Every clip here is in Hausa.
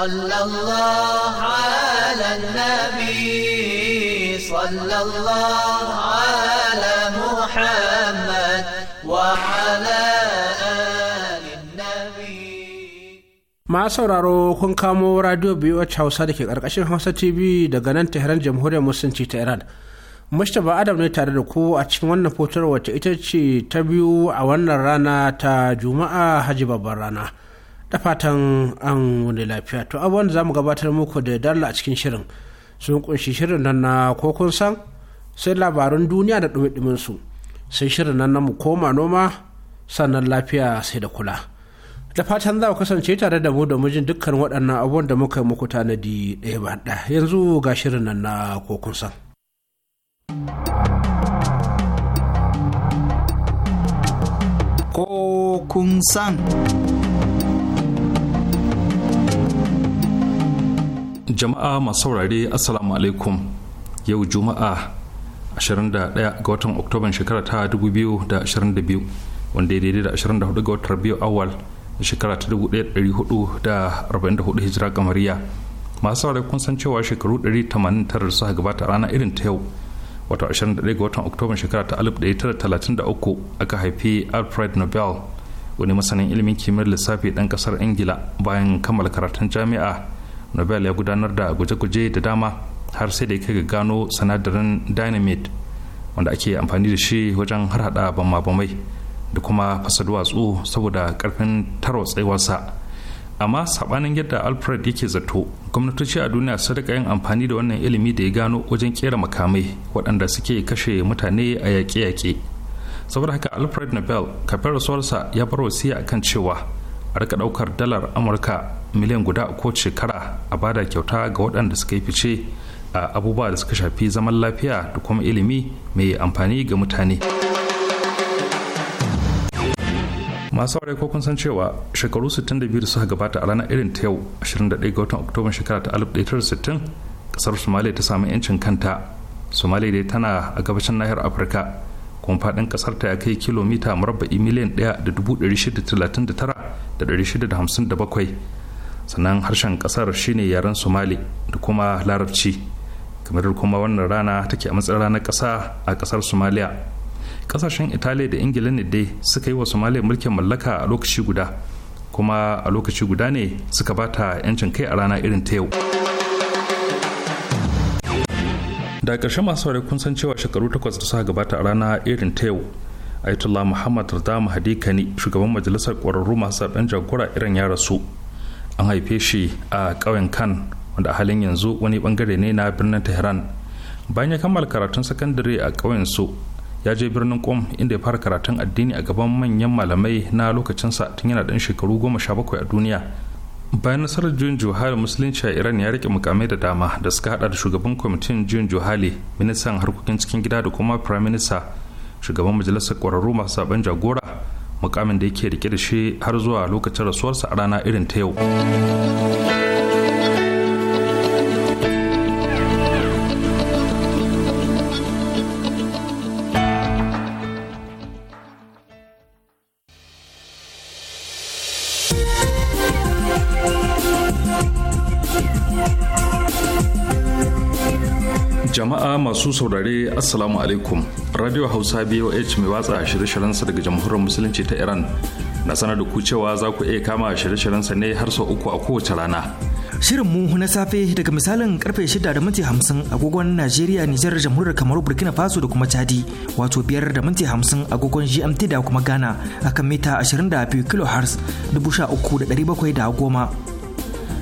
صلى الله على النبي صلى الله على محمد وعلى ma sauraro kun kamo radio biyu hausa da ke ƙarƙashin hausa tv daga nan tehran jamhuriyar musulunci ta iran mustapha adam ne tare da ku a cikin wannan fotar wacce ita ce ta biyu a wannan rana ta juma'a Haji babban rana da fatan an wani lafiya to abubuwan da za mu gabatar muku da dalla a cikin shirin sun kunshi shirin nan na kokun san sai labarun duniya da ɗumi su sai shirin nan na mu koma noma sannan lafiya sai da kula da fatan za ku kasance tare da mu da mijin dukkan waɗannan abubuwan da muka muku tanadi ɗaya ba ɗaya yanzu ga shirin nan na kokun san. Kokun san. jama'a masu saurare assalamu alaikum yau juma'a 21 ga watan oktoban shekara ta 2022 wanda ya daidai da 24 ga watan biyu awal da shekara ta 1444 hijira kamariya masu saurare kun san cewa shekaru 189 suka gabata rana irin ta yau wato 21 ga watan oktoban shekara ta 1933 aka haifi alfred nobel wani masanin ilimin kimiyyar lissafi ɗan ƙasar ingila bayan kammala karatun jami'a nobel ya gudanar da guje-guje da dama har sai da ya kai gano sanadarin dynamite wanda ake amfani da shi wajen harhaɗa bama-bamai da kuma fasa duwatsu saboda karfin tsayuwarsa. amma saɓanin yadda alfred yake zato gwamnatoci a duniya sun rika yin amfani da wannan ilimi da ya gano wajen kera makamai waɗanda suke kashe mutane a yaƙe-yaƙe saboda haka alfred nobel kafin rasuwarsa ya bar wasiya akan cewa a rika daukar dalar amurka miliyan guda ko shekara a bada kyauta ga waɗanda suka yi fice a abubuwa da suka shafi zaman lafiya da kuma ilimi mai amfani ga mutane masu aure ko kun san cewa shekaru 62 da suka gabata a ranar irin ta yau 21 ga watan oktoba shekara ta 1960 kasar somalia ta sami 'yancin kanta somalia dai tana a gabashin nahiyar afirka kuma faɗin ƙasar ta ya kai kilomita murabba'i miliyan 1,639,657 sannan harshen kasar shine yaren somali da kuma larabci kamar kuma wannan rana take a matsayin ranar ƙasa a ƙasar somaliya ƙasashen italiya da ingila ne dai suka yi wa somaliya mulkin mallaka a lokaci guda kuma a lokaci guda ne suka bata 'yancin kai a rana irin ta yau da ƙarshe masu saurari kun san cewa shekaru takwas da suka gabata a rana irin ta yau ayatollah muhammad rada mahadi kani shugaban majalisar ƙwararru masu zaben jagora irin ya rasu an haife shi a ƙauyen kan wanda a halin yanzu wani bangare ne na birnin tehran bayan ya kammala karatun sakandare a ƙauyen su ya je birnin kom inda ya fara karatun addini a gaban manyan malamai na lokacinsa tun yana ɗan shekaru goma sha bakwai a duniya bayan nasarar juyin juhali musulunci a iran ya rike mukamai da dama da suka hada da shugaban kwamitin juyin juhali ministan harkokin cikin gida da kuma prime minister shugaban majalisar kwararru masu saban jagora mukamin da yake rike da shi har zuwa lokacin rasuwarsa a rana irin ta yau jama'a masu saurare assalamu alaikum radio hausa boh mai watsa shirye sa daga jamhuriyar musulunci ta iran na sanar da ku cewa za ku iya kama shirye sa ne har sau uku a kowace rana shirin mu na safe daga misalin karfe 6 da minti 50 agogon najeriya nijar jamhuriyar kamaru burkina faso da kuma chadi wato 5 da minti 50 agogon gmt da kuma ghana akan mita 22 da 13710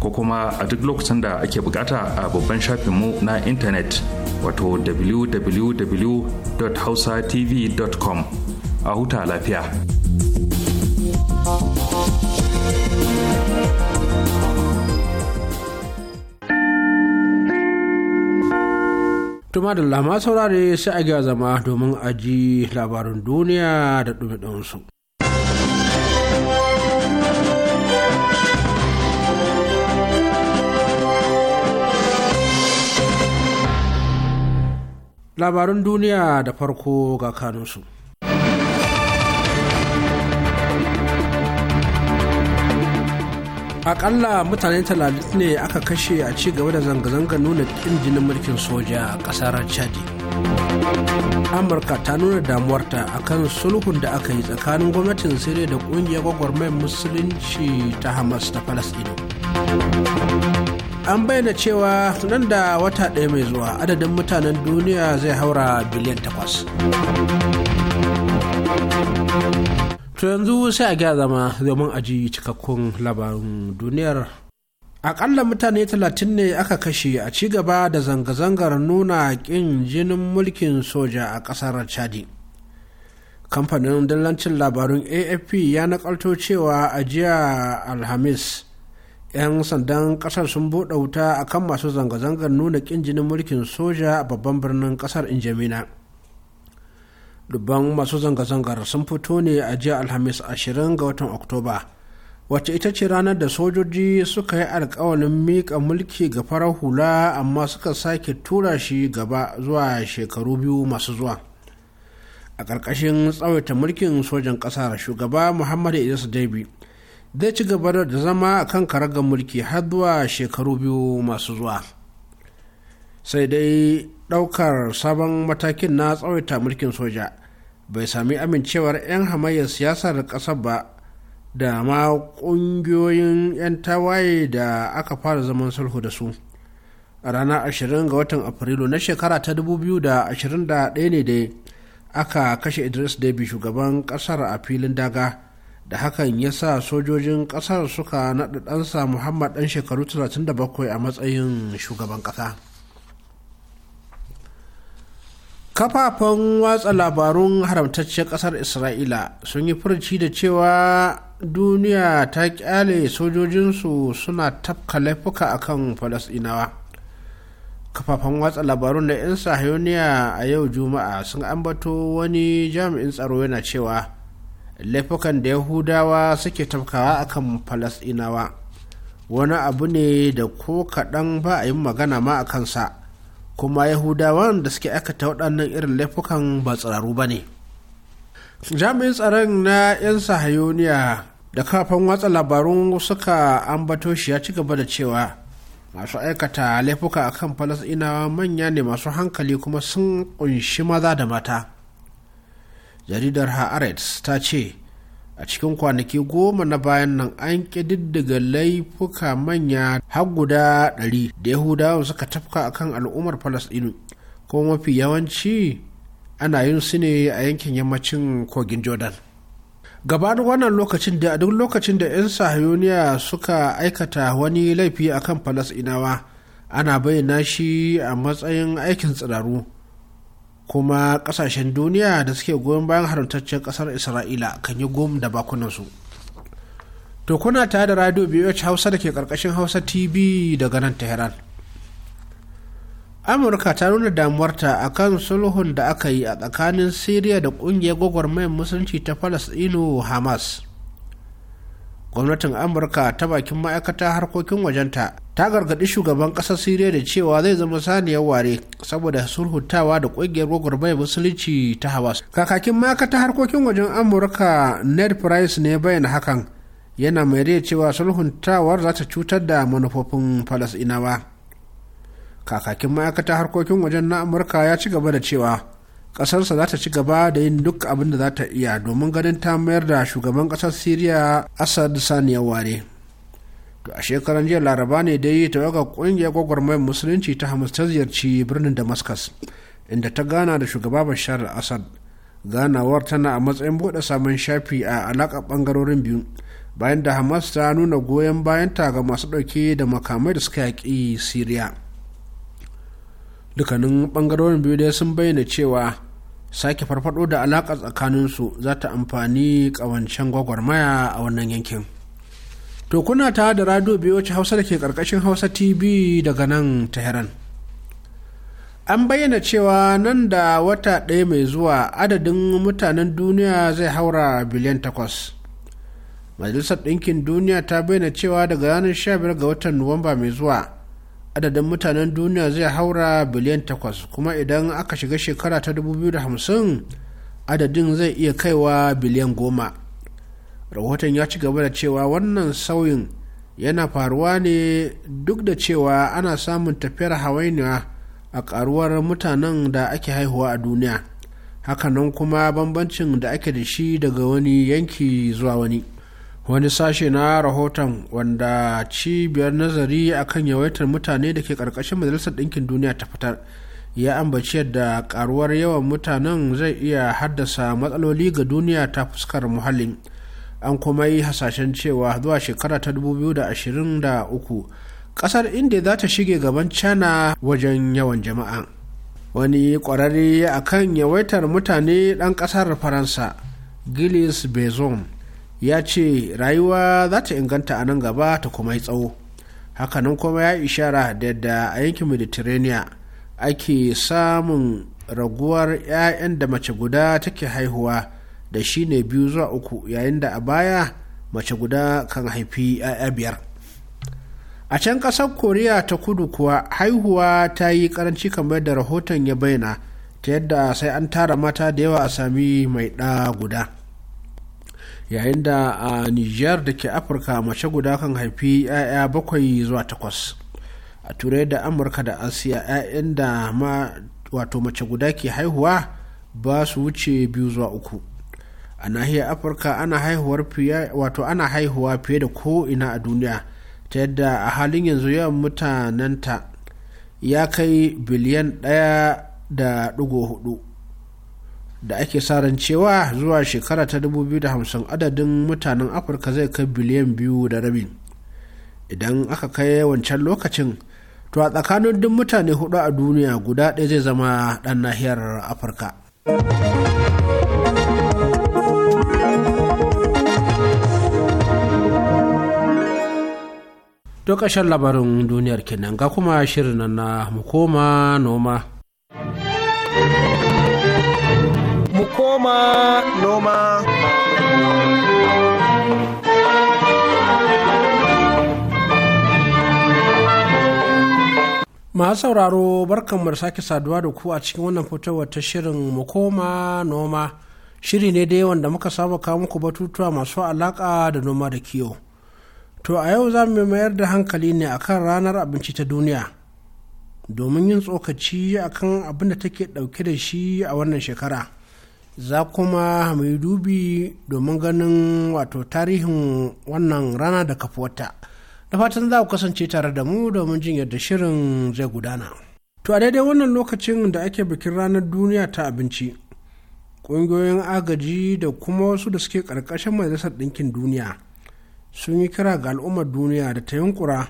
ko kuma a duk lokacin da ake bukata a babban shafinmu na intanet wato www.hausatv.com a huta lafiya. Tuma da lama saurare sai a ga zama domin aji labarin duniya da ɗumi su. labarun duniya da farko ga kanunsu. Akalla mutane talatin ne aka kashe a ci gaba da zanga-zanga nuna kin jinin mulkin soja a kasar Chadi. Amurka ta nuna damuwarta akan sulhun da aka yi tsakanin gwamnatin Siriya da ƙungiyar gwagwarmayar Musulunci ta Hamas ta Falasɗinu. an bayyana cewa nan da wata ɗaya mai zuwa adadin mutanen duniya zai haura biliyan takwas. to yanzu sai a gya zama domin aji cikakkun labarin duniyar akalla mutane talatin ne aka kashe a ci gaba da zanga-zangar nuna ƙin jinin mulkin soja a ƙasar chadi kamfanin dillancin labarun afp ya nakalto cewa a jiya alhamis 'yan sandan kasar sun buɗe wuta a kan masu zanga-zangar nuna ƙin jinin mulkin soja a babban birnin kasar injamina dubban masu zanga-zangar sun fito ne a jiya alhamis 20 ga watan oktoba wacce ita ce ranar da sojoji suka yi alkawalin miƙa mulki ga farar hula amma suka sake tura shi gaba zuwa shekaru biyu masu zuwa a ƙarƙashin tsawaita mulkin sojan ƙasar shugaba muhammadu idris dabi zai ci gaba da zama a kan karagar mulki har zuwa shekaru biyu masu zuwa sai dai ɗaukar sabon matakin na tsawaita mulkin soja bai sami amincewar 'yan hamayyar siyasar ƙasar ba da ma ƙungiyoyin 'yan tawaye da aka fara zaman sulhu da su a ranar 20 ga watan afrilu na shekara ta 2021 ne dai aka kashe idris debi shugaban ƙasar a filin daga da hakan ya sa sojojin ƙasar suka naɗa ɗansa muhammad ɗan shekaru 37 a matsayin shugaban ƙasa kafafen watsa labarun haramtacciyar ƙasar isra'ila sun yi furci da cewa duniya ta ƙyale sojojinsu suna tafka laifuka a kan falasɗinawa kafafen watsa labarun na 'yan sahayoniya a yau juma'a sun ambato wani jami'in tsaro yana cewa laifukan da yahudawa suke tafkawa akan falasɗinawa wani abu ne da ko kaɗan ba a yi magana ma a kansa kuma yahudawan da suke aikata waɗannan irin laifukan ba tsararu ba ne jami'in tsaron na 'yan sahayoniya da kafin watsa labarun suka ambato shi ya ci gaba da cewa masu aikata laifuka akan falasɗinawa manya ne masu hankali kuma sun ƙunshi maza da mata jaridar haaretz ta ce a cikin kwanaki goma na bayan nan an ƙididdiga laifuka manya har guda ɗari da yahudawan suka tafka akan al'ummar falasɗinu kuma mafi yawanci ana yin su ne a yankin yammacin kogin jordan gabanin wannan lokacin da duk lokacin da 'yan sahiyoniya suka aikata wani laifi akan falasɗinawa ana bayyana shi a matsayin aikin tsiraru kuma kasashen duniya da suke goyon bayan haramtaccen kasar isra'ila kan yi gom da bakunansu to kuna tare da radio bih hausa da ke karkashin hausa tv daga nan tehran amurka ta nuna damuwarta akan sulhun da aka yi a tsakanin syria da kungiyar gwagwarmayar musulunci ta falasdino hamas gwamnatin amurka ta bakin ma'aikata harkokin wajenta ta gargaɗi shugaban ƙasar siriya da cewa zai zama saniyar ware saboda sulhuntawa da ƙungiyar gwagwarmaya musulunci ta hawas kakakin ma'aikata harkokin wajen amurka ned price ne bayyana hakan yana mai rai cewa sulhuntawar za ta cutar da manufofin falasɗinawa kakakin ma'aikata harkokin wajen na amurka ya ci gaba da cewa kasarsa za ta ci gaba da yin duk abin da za ta iya domin ganin ta mayar da shugaban kasar syria asad ya ware to a shekaran jiya laraba ne dai tawaga ƙungiyar gwagwarmayar musulunci ta hamas ta ziyarci birnin damascus inda ta gana da shugaba bashar al-assad ganawar tana a matsayin bude samun shafi a alaƙa ɓangarorin biyu bayan da hamas ta nuna goyon bayanta ga masu ɗauke da makamai da suka yaƙi syria dukkanin ɓangarorin biyu dai sun bayyana cewa sake farfado da alaƙa tsakaninsu za ta amfani ƙawancen gwagwarmaya a wannan yankin to kuna ta da rado biyu wacce hausa da ke ƙarƙashin hausa tv daga nan tehran an bayyana cewa nan da wata ɗaya mai zuwa adadin mutanen duniya zai haura biliyan takwas majalisar ɗinkin duniya ta bayyana cewa daga ranar 15 ga watan nuwamba mai zuwa adadin mutanen duniya zai haura biliyan takwas kuma idan aka shiga shekara ta 2050 adadin zai iya kaiwa biliyan goma rahoton ya ci gaba da cewa wannan sauyin yana faruwa ne duk da cewa ana samun tafiyar hawainiya a karuwar mutanen da ake haihuwa a duniya hakanan kuma bambancin da ake da shi daga wani yanki zuwa wani. wani sashe na rahoton wanda cibiyar nazari akan yawaitar mutane da ke ƙarƙashin majalisar ɗinkin duniya ta fitar ya ambaci yadda karuwar yawan mutanen zai iya haddasa matsaloli ga duniya ta fuskar muhallin an kuma yi hasashen cewa zuwa shekara ta 2023 ƙasar india za ta shige gaban china wajen yawan jama'a wani ƙwararre akan yawaitar mutane ɗan ƙasar faransa gilis bezon ya ce rayuwa za ta inganta a nan gaba ta kuma yi tsawo hakanan kuma ya ishara da yadda a yankin mediterranean ake samun raguwar 'ya'yan da mace guda take haihuwa da shi ne biyu zuwa uku yayin da a baya mace guda kan haifi 'ya'ya biyar a can ƙasar koriya ta kudu kuwa haihuwa ta yi karanci kamar da rahoton ya bayyana ta yadda sai an tara mata da yawa a sami mai ɗa guda yayin da a niger da ke afirka mace guda kan haifi 'ya'ya bakwai zuwa takwas a turai da amurka da asiya 'ya'yan da ma wato mace guda ke haihuwa ba su wuce biyu zuwa uku a nahiyar afirka ana wato ana haihuwa fiye da ko ina a duniya ta yadda a halin yanzu yawan mutanenta ya kai biliyan ɗaya da ɗigo hudu da ake sa cewa zuwa shekara ta 2050 adadin mutanen afirka zai kai biliyan biyu da rabi idan aka kai wancan lokacin to a tsakanin duk mutane hudu a duniya guda ɗaya zai zama ɗan nahiyar afirka to ƙashin labarin duniyar kenan ga kuma shirin na mu koma noma koma noma. masu sauraro barkan mu sake saduwa da ku a cikin wannan fitowar ta shirin mu koma noma shiri ne dai wanda muka saba kawo muku batutuwa masu alaka da noma da kiwo to a yau za mu mayar da hankali ne akan ranar abinci ta duniya domin yin tsokaci akan abin da take ɗauke da shi a wannan shekara za kuma mai dubi domin ganin wato tarihin wannan rana da kafuwarta da fatan za ku kasance tare da mu domin jin yadda shirin zai gudana to a daidai wannan lokacin da ake bikin ranar duniya ta abinci ƙungiyoyin agaji da kuma wasu da suke ƙarƙashin majalisar ɗinkin duniya sun yi kira ga al'ummar duniya da ta yunkura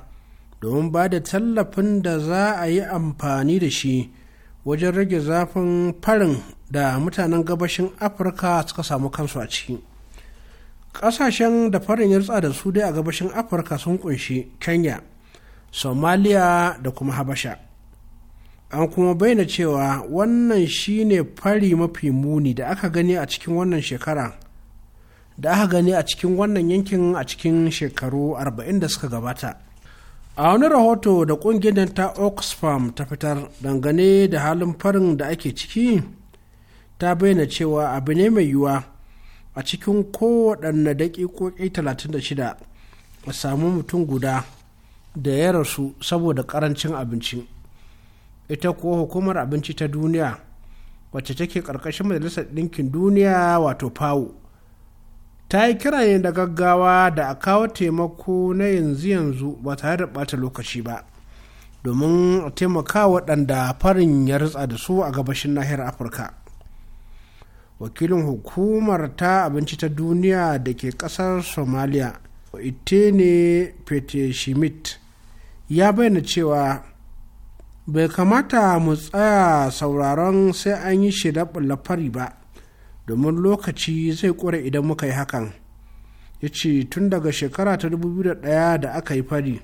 domin ba da tallafin da za a yi amfani da shi wajen rage zafin farin da mutanen gabashin afirka suka samu kansu a ciki ƙasashen da farin ya da su dai a gabashin afirka sun kunshi kenya somalia da kuma habasha an kuma bayyana cewa wannan shine fari mafi muni da aka gani a cikin wannan shekara da aka gani a cikin wannan yankin a cikin shekaru 40 da suka gabata a wani rahoto da kungiyar ta oxfam ta fitar dangane da halin farin da ake ciki ta bayyana cewa abu ne mai yiwuwa a cikin kowaɗanne daƙiƙoƙi 36 a samu mutum guda da ya rasu saboda ƙarancin abinci ita kuwa hukumar abinci ta duniya wacce take ƙarƙashin majalisar ɗinkin duniya wato fawo ta yi ne da gaggawa da a kawo taimako na yanzu-yanzu ba tare da ɓata lokaci ba domin a taimaka waɗanda farin ya rutsa da su a gabashin nahiyar afirka wakilin hukumar ta abinci ta duniya da ke ƙasar somalia ne pete schmidt ya bayyana cewa bai kamata mu tsaya sauraron sai an yi shida fari ba domin lokaci zai ƙure idan muka yi hakan ya ce tun daga shekara ta 2001 da aka yi fari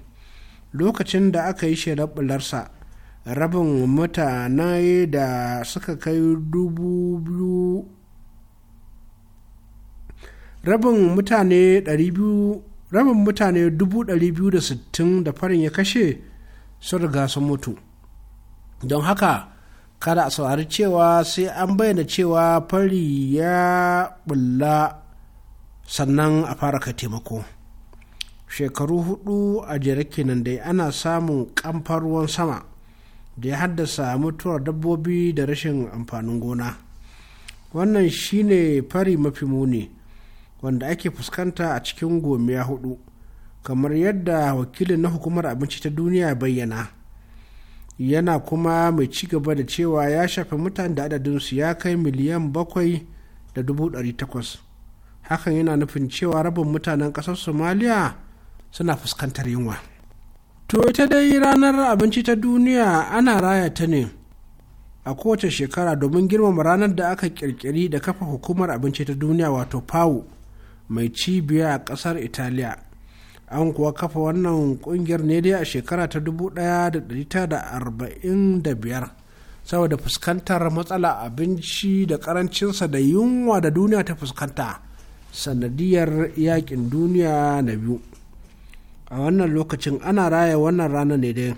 lokacin da aka yi shelar bularsa rabin mutane da suka kai dubu biyu rabin mutane rabin mutane sittin da farin ya kashe sun riga sun mutu don haka kada a saurari cewa sai an bayyana cewa fari ya bulla sannan a fara ka taimako shekaru hudu a jere kenan dai ana samun kamfar ruwan sama da ya haddasa mutuwar dabbobi da rashin amfanin gona wannan shine fari mafi muni wanda ake fuskanta a cikin gomiya hudu kamar yadda wakilin na hukumar abinci ta duniya bayyana yana kuma mai ci gaba da cewa ya shafe mutane da adadinsu ya kai miliyan bakwai da dubu ɗari takwas hakan yana nufin cewa rabin mutanen ƙasar somaliya suna fuskantar yunwa to ita dai ranar abinci ta duniya ana raya ta ne a kowace shekara domin girmama ranar da aka kirkiri da kafa hukumar abinci ta duniya wato pawo mai cibiya a ƙasar italiya an kuwa kafa wannan kungiyar ne dai a shekara ta 1945 saboda fuskantar matsala abinci da karancinsa da yunwa da duniya ta fuskanta sanadiyar yakin duniya na biyu a wannan lokacin ana raya wannan rana ne dai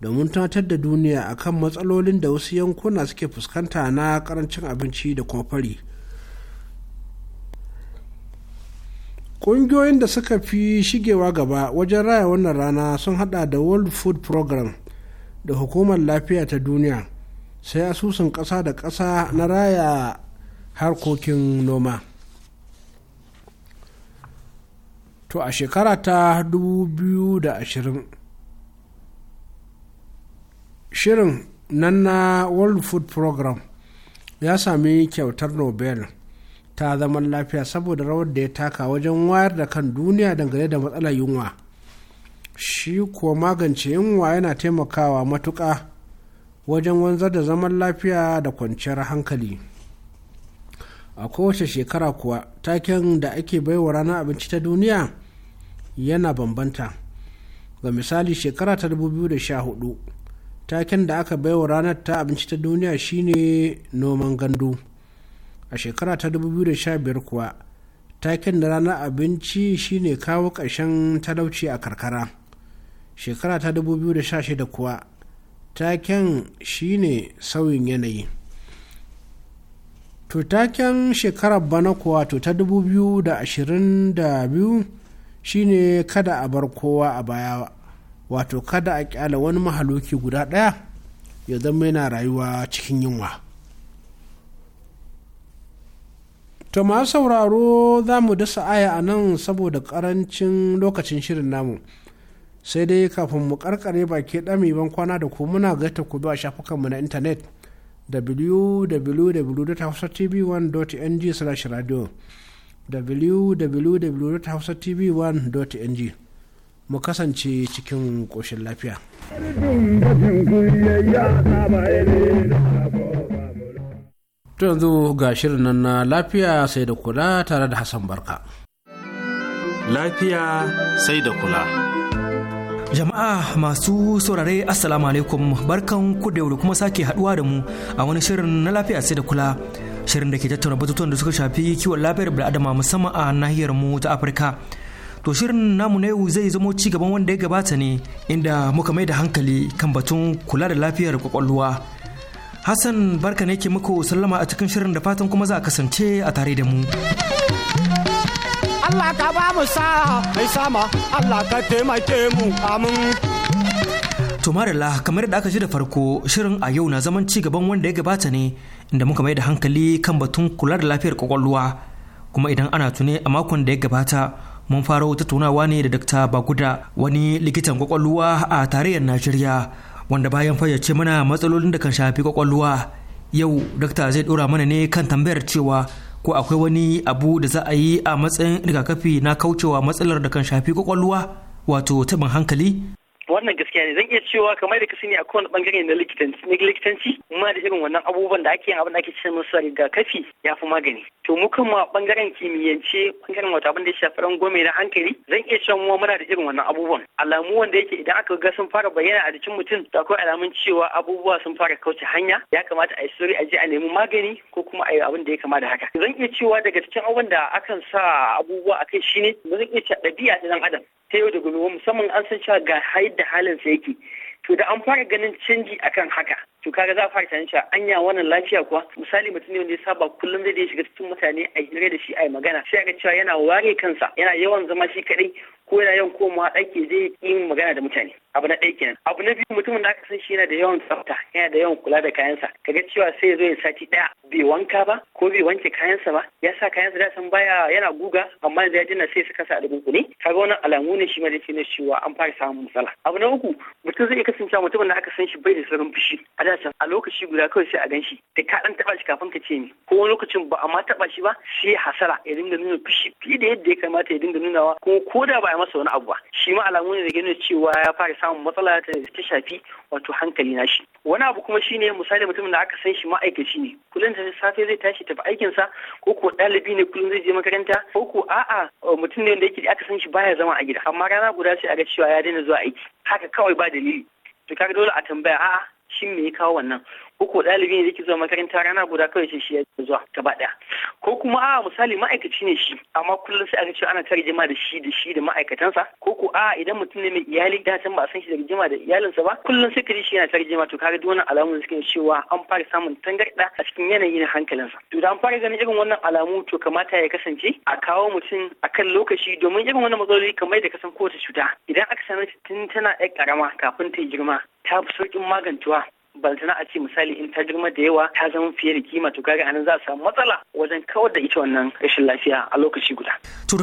domin tunatar da duniya akan matsalolin da wasu yankuna suke fuskanta na karancin abinci da kuma fari. ƙungiyoyin da suka fi shigewa gaba wajen raya wannan rana sun hada da world food program da hukumar lafiya ta duniya sai asusun ƙasa da ƙasa na raya harkokin noma to a shekara ta 2020 shirin nan na world food program ya sami kyautar nobel ta zaman lafiya saboda rawar da ya taka wajen wayar da kan duniya dangane da matsalar yunwa shi kuwa magance yunwa yana taimakawa matuka wajen wanzar da zaman lafiya da kwanciyar hankali a kowace shekara kuwa taken da ake baiwa ranar abinci ta duniya yana bambanta ga misali shekara ta 2014 taken da aka baiwa ranar ta abinci ta duniya shine noman gandu a shekara ta 2015 kuwa taken da ranar abinci shine kawo ƙarshen talauci a karkara shekara ta 2016 kuwa taken shine sauyin yanayi to taken shekarar bana kuwa to ta 2022 shine kada a bar kowa a baya wato kada a kyala wani mahaluki guda ɗaya ya zama yana rayuwa cikin yunwa. To masu sauraro za mu dasa aya a nan saboda karancin lokacin shirin namu. Sai dai kafin mu karkare baki ɗami ban kwana da ku muna gaita ku zuwa shafukanmu na intanet www.hausatv1.ng slash radio www.hausatv1.ng mu kasance cikin ƙoshin lafiya. to yanzu ga shirin nan na lafiya sai da kula tare da hassan barka lafiya sai da kula jama'a masu saurare assalamu alaikum barkan ku da kuma sake haduwa da mu a wani shirin na lafiya sai da kula shirin da ke tattauna batutuwan da suka shafi kiwon lafiyar bil'adama musamman a nahiyar mu ta afirka to shirin namu na yau zai zamo ci gaban wanda ya gabata ne inda muka mai da hankali kan batun kula da lafiyar kwakwalwa Hassan barka ne ke muku sallama a cikin shirin da fatan kuma za a kasance a tare da mu. Allah ka ba mu sa mai sama Allah ka taimake mu amin. To kamar da aka ji da farko shirin a yau na zaman ci gaban wanda ya gabata ne inda muka mai da hankali kan batun kula da lafiyar kwakwalwa kuma idan ana tune a makon da ya gabata mun fara wata tunawa ne da Dr. Baguda wani likitan kwakwalwa a tarayyar Najeriya wanda bayan fayyace mana matsalolin da kan shafi kwakwalwa yau dakta zai dora mana ne kan tambayar cewa ko akwai wani abu da za a yi a matsayin rigakafi na kaucewa matsalar da kan shafi kwakwalwa wato tabin hankali wannan gaskiya ne zan iya cewa kamar da ka sani a kowane bangare na likitanci na likitanci da irin wannan abubuwan da ake abin da ake cewa musu rigakafi ya fi magani to mu ma bangaren kimiyyance bangaren wata abin da ya shafi gome na hankali zan iya cewa mu muna da irin wannan abubuwan alamu wanda yake idan aka ga sun fara bayyana a jikin mutum to akwai alamun cewa abubuwa sun fara kauce hanya ya kamata a yi sauri a je a nemi magani ko kuma a yi abin da ya kama da haka zan iya cewa daga cikin abubuwan da akan sa abubuwa akai shine zan iya cewa ɗabi'a ta dan adam ta yau da gobe musamman an san cewa ga da halinsa yake to da an fara ganin canji akan haka to kaga za a fara tunanin cewa anya wannan lafiya kuwa misali mutum ne wanda ya saba kullum zai shiga cikin mutane a hira da shi a magana sai ga cewa yana ware kansa yana yawan zama shi kadai ko yana yawan komawa ɗaki zai yi magana da mutane abu na ɗaya kenan abu na biyu mutumin da aka san shi yana da yawan tsafta yana da yawan kula da kayansa kaga cewa sai ya zo ya sati ɗaya bai wanka ba ko bai wanke kayansa ba ya sa kayansa da san baya yana guga amma yanzu ya daina sai su sa a dubunkune kaga wannan alamu ne shi ma da na cewa an fara samun matsala abu na uku mutum zai iya kasancewa mutumin da aka san shi bai da sauran fushi da can a lokaci guda kawai sai a gan shi da ka dan taba shi kafin ka ce ni ko wani lokacin ba a ma taba shi ba sai hasara ya dinga nuna fushi fiye da yadda ya kamata ya dinga nunawa kuma ko da ba ya masa wani abu ba shi ma alamu ne da nuna cewa ya fara samun matsala ta shafi wato hankali na shi wani abu kuma shine misali mutumin da aka san shi ma'aikaci ne kullum da safe zai tashi tafi aikinsa ko ko ɗalibi ne kullum zai je makaranta ko ko a'a eh, mutum ne wanda yake aka san shi baya zama a gida amma rana guda sai a ga cewa ya daina zuwa aiki haka kawai ba dalili to dole a tambaya a'a 青梅开完呢，ko ko ɗalibi ne yake zuwa makaranta rana guda kawai ce shi ya zuwa gaba ɗaya ko kuma a misali ma'aikaci ne shi amma kullum sai aka ce ana ta rigima da shi da shi da ma'aikatansa ko ko a idan mutum ne mai iyali da can ba a san shi da jima da iyalinsa ba kullum sai kaji shi yana ta rigima to kaga duk wannan alamun suke cewa an fara samun tangarɗa a cikin yanayin hankalinsa to da an fara ganin irin wannan alamu to kamata ya kasance a kawo mutum a kan lokaci domin irin wannan matsaloli kamar da kasan kowace cuta idan aka sanar tun tana ƴar ƙarama kafin ta yi girma ta fi sauƙin magantuwa baltana a ce misali in ta girma da yawa ta zama fiye da kima to gari anan za a samu matsala wajen kawar da ita wannan rashin lafiya a lokaci guda. To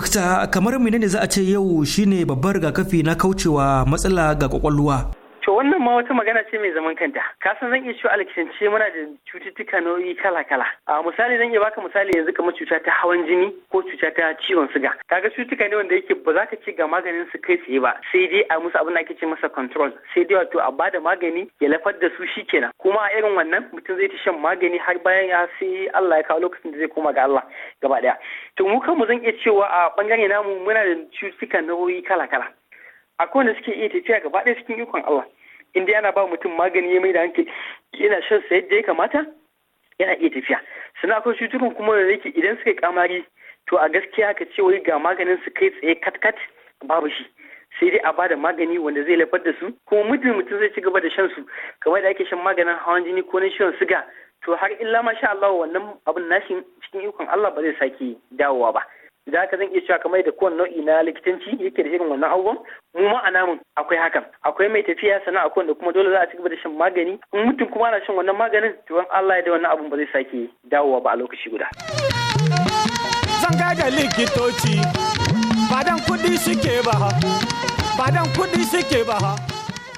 kamar menene za a ce yau shine babbar rigakafi na kaucewa matsala ga kwakwalwa? To wannan ma wata magana ce mai zaman kanta. Kasan zan iya cewa alkishance muna da cututtuka nau'i kala-kala. A misali zan iya baka misali yanzu kamar cuta ta hawan jini ko cuta ta ciwon suga. Kaga cututtuka ne wanda yake ba za ka ci ga maganin su kai tsaye ba. Sai dai a musu abin da ake ce masa control. Sai dai wato a bada magani ya lafar da su shi kenan. Kuma a irin wannan mutum zai ta shan magani har bayan ya sai Allah ya kawo lokacin da zai koma ga Allah gaba daya. To mu kanmu zan iya cewa a bangare namu muna da cututtuka nau'i kala-kala. Akwai wanda suke iya tafiya gaba ɗaya cikin ikon Allah. in yana ba mutum magani ya mai da hankali yana shan sa yadda ya kamata yana iya tafiya sannan akwai cututtukan kuma da yake idan suka kamari to a gaskiya ka ce wai ga maganin su kai tsaye katkat babu shi sai dai a bada magani wanda zai lafar da su kuma mutum mutum zai ci gaba da shan su kamar da ake shan maganin hawan jini ko na ciwon siga to har illa ma sha Allah wannan abin nashin cikin ikon Allah ba zai sake dawowa ba da haka zan iya cewa kamar da kowane nau'i na likitanci yake da irin wannan abubuwan mu ma a namu akwai hakan akwai mai tafiya sana akwai wanda kuma dole za a ci gaba da shan magani in mutum kuma ana shan wannan maganin to an Allah ya da wannan abun ba zai sake dawowa ba a lokaci guda zan gaja likitoci ba dan kudi suke ba ha ba dan kudi suke ba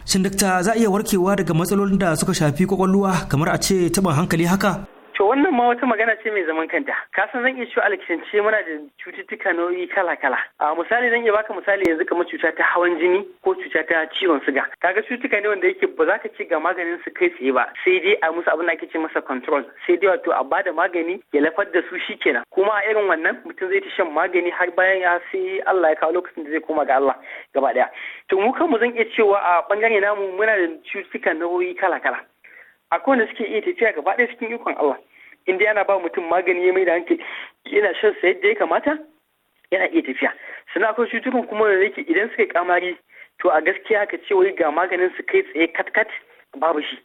shin dakta za a iya warkewa daga matsalolin da suka shafi kwakwalwa kamar a ce taɓa hankali haka To wannan ma wata magana ce mai zaman kanta. Kasan zan iya cewa alkishance muna da cututtuka nau'i kala-kala. A misali zan iya baka misali yanzu kamar cuta ta hawan jini ko cuta ta ciwon suga. Kaga cututtuka ne wanda yake ba za ka ci ga maganin su kai tsaye ba. Sai dai a musu abin da ake ce masa control. Sai dai wato a bada magani ya lafar da su shi shikenan. Kuma a irin wannan mutum zai ta shan magani har bayan ya sai Allah ya kawo lokacin da zai koma ga Allah gaba daya. To mu kanmu zan iya cewa a bangare namu muna da cututtuka nau'i kala-kala. Akwai wanda suke iya tafiya gaba ɗaya cikin ikon Allah. in ba mutum magani ya mai da hankali yana shan sa yadda ya kamata yana iya tafiya sannan akwai cutukan kuma da yake idan suka kamari to a gaskiya ka ce wai ga maganin su kai tsaye katkat babu shi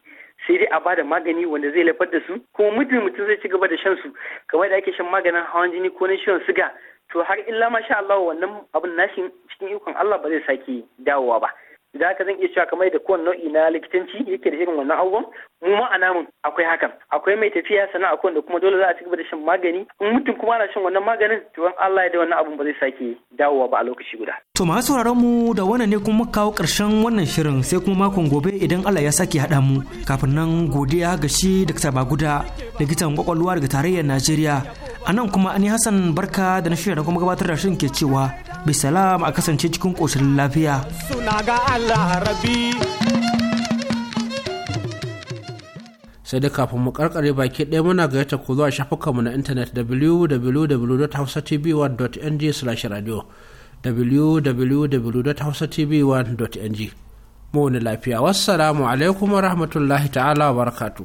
sai dai a bada magani wanda zai lafar da su kuma mutum mutum zai ci gaba da shan su kamar da ake shan maganin hawan jini ko na shan siga to har illa ma sha Allah wannan abin nashin cikin ikon Allah ba zai sake dawowa ba da haka zan iya cewa kamar da kowane nau'i na likitanci yake da irin wannan abubuwan mu ma a namun akwai hakan akwai mai tafiya sannan akwai wanda kuma dole za a ci gaba da shan magani in mutum kuma ana shan wannan maganin to Allah ya da wannan abun ba zai sake dawowa ba a lokaci guda to masu sauraron mu da wannan ne kuma kawo karshen wannan shirin sai kuma makon gobe idan Allah ya sake haɗa mu kafin nan godiya ga shi Dr. Baguda likitan kwakwalwa daga tarayyar Najeriya a nan kuma yi Hassan Barka da na shirya da kuma gabatar da shirin ke cewa bisalam a kasance cikin ƙoshin lafiya suna ga allah rabi sai da kafin mu karkare baki ɗaya muna gayyata ku zuwa shafukanmu na intanet www.hausatv1.ng/radio www.hausatv1.ng mu wani lafiya wassalamu alaikum wa rahmatullahi ta'ala wa barakatu.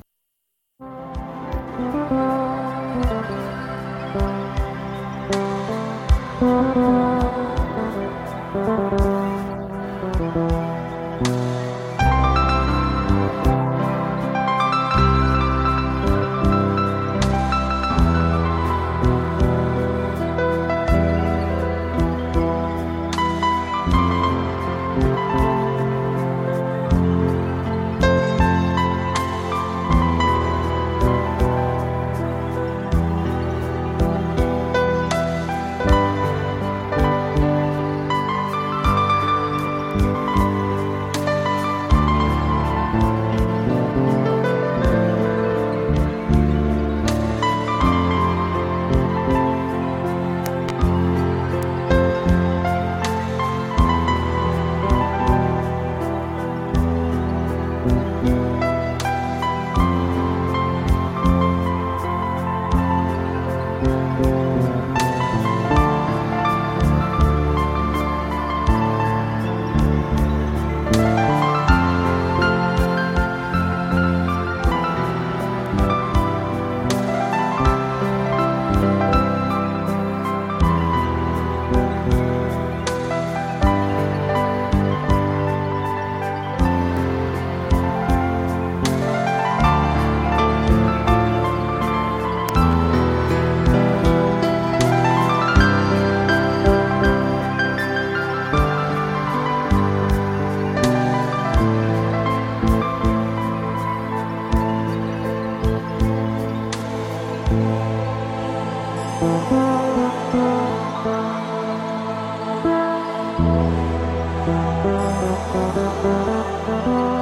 Thank you.